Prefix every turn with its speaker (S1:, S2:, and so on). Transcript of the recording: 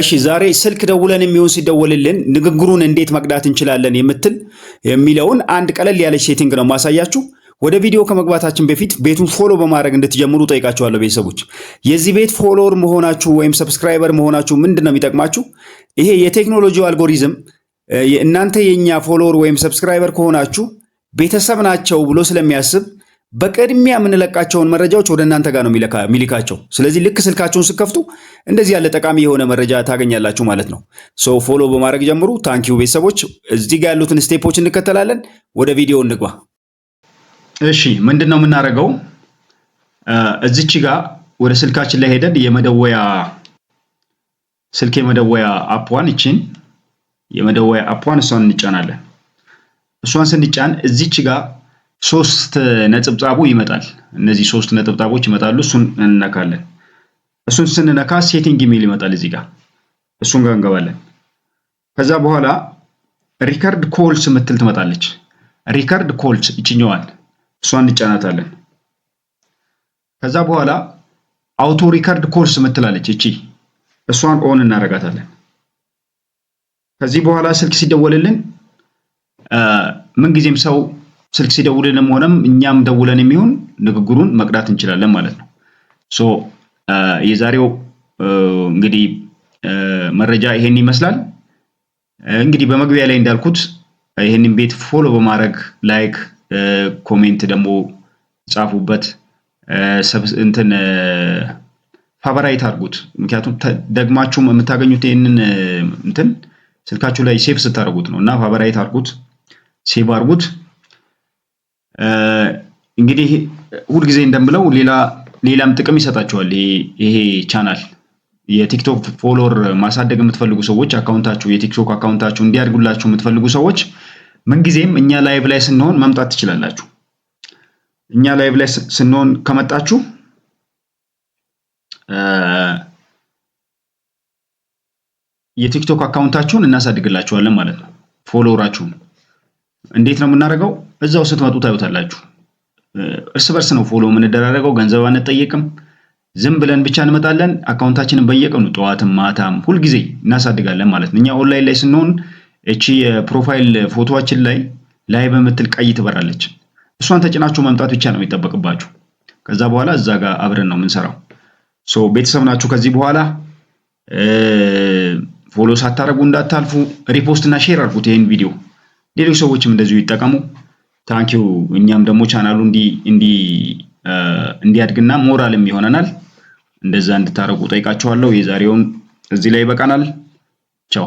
S1: እሺ ዛሬ ስልክ ደውለን የሚሆን ሲደወልልን ንግግሩን እንዴት መቅዳት እንችላለን የምትል የሚለውን አንድ ቀለል ያለች ሴቲንግ ነው ማሳያችሁ። ወደ ቪዲዮ ከመግባታችን በፊት ቤቱን ፎሎ በማድረግ እንድትጀምሩ ጠይቃችኋለሁ። ቤተሰቦች የዚህ ቤት ፎሎወር መሆናችሁ ወይም ሰብስክራይበር መሆናችሁ ምንድን ነው የሚጠቅማችሁ? ይሄ የቴክኖሎጂ አልጎሪዝም እናንተ የእኛ ፎሎወር ወይም ሰብስክራይበር ከሆናችሁ ቤተሰብ ናቸው ብሎ ስለሚያስብ በቅድሚያ የምንለቃቸውን መረጃዎች ወደ እናንተ ጋር ነው የሚልካቸው። ስለዚህ ልክ ስልካችሁን ስከፍቱ እንደዚህ ያለ ጠቃሚ የሆነ መረጃ ታገኛላችሁ ማለት ነው። ሰው ፎሎ በማድረግ ጀምሩ። ታንኪዩ ቤተሰቦች፣ እዚህ ጋር ያሉትን ስቴፖች እንከተላለን። ወደ ቪዲዮ እንግባ።
S2: እሺ ምንድን ነው የምናደርገው? እዚች ጋር ወደ ስልካችን ላይ ሄደን የመደወያ ስልክ የመደወያ አፕዋን እችን የመደወያ አፕዋን እሷን እንጫናለን። እሷን ስንጫን እዚች ጋር ሶስት ነጠብጣቡ ይመጣል። እነዚህ ሶስት ነጠብጣቦች ይመጣሉ። እሱን እንነካለን። እሱን ስንነካ ሴቲንግ የሚል ይመጣል እዚህ ጋር እሱን ጋር እንገባለን። ከዛ በኋላ ሪከርድ ኮልስ ምትል ትመጣለች። ሪከርድ ኮልስ እችኛዋል እሷን እንጫናታለን። ከዛ በኋላ አውቶ ሪከርድ ኮልስ ምትላለች እቺ እሷን ኦን እናረጋታለን። ከዚህ በኋላ ስልክ ሲደወልልን ምንጊዜም ሰው ስልክ ሲደውልንም ሆነም እኛም ደውለን የሚሆን ንግግሩን መቅዳት እንችላለን ማለት ነው። ሶ የዛሬው እንግዲህ መረጃ ይሄን ይመስላል። እንግዲህ በመግቢያ ላይ እንዳልኩት ይሄንን ቤት ፎሎ በማድረግ ላይክ፣ ኮሜንት ደግሞ ጻፉበት፣ እንትን ፋቨራይት አድርጉት። ምክንያቱም ደግማችሁም የምታገኙት ይህንን እንትን ስልካችሁ ላይ ሴፍ ስታደርጉት ነው እና ፋቨራይት አድርጉት፣ ሴቭ አድርጉት። እንግዲህ ሁልጊዜ እንደምለው ሌላ ሌላም ጥቅም ይሰጣችኋል ይሄ ቻናል የቲክቶክ ፎሎወር ማሳደግ የምትፈልጉ ሰዎች አካውንታችሁ የቲክቶክ አካውንታችሁ እንዲያድጉላችሁ የምትፈልጉ ሰዎች ምንጊዜም እኛ ላይቭ ላይ ስንሆን መምጣት ትችላላችሁ። እኛ ላይቭ ላይ ስንሆን ከመጣችሁ የቲክቶክ አካውንታችሁን እናሳድግላችኋለን ማለት ነው። ፎሎወራችሁን እንዴት ነው የምናደርገው? እዛው ስትመጡ ታዩታላችሁ። እርስ በርስ ነው ፎሎ የምንደራረገው። ገንዘብ አንጠየቅም። ዝም ብለን ብቻ እንመጣለን። አካውንታችንን በየቀኑ ጠዋትም ማታም ሁልጊዜ እናሳድጋለን ማለት ነው። እኛ ኦንላይን ላይ ስንሆን እቺ የፕሮፋይል ፎቶችን ላይ ላይ በምትል ቀይ ትበራለች። እሷን ተጭናችሁ መምጣት ብቻ ነው የሚጠበቅባችሁ። ከዛ በኋላ እዛ ጋር አብረን ነው የምንሰራው። ሶ ቤተሰብ ናችሁ። ከዚህ በኋላ ፎሎ ሳታረጉ እንዳታልፉ። ሪፖስት እና ሼር አድርጉት ይህን ቪዲዮ፣ ሌሎች ሰዎችም እንደዚሁ ይጠቀሙ። ታንኪው እኛም ደግሞ ቻናሉ እንዲያድግና ሞራልም ይሆነናል። እንደዛ እንድታረቁ ጠይቃችኋለሁ። የዛሬውን እዚህ ላይ ይበቃናል። ቻው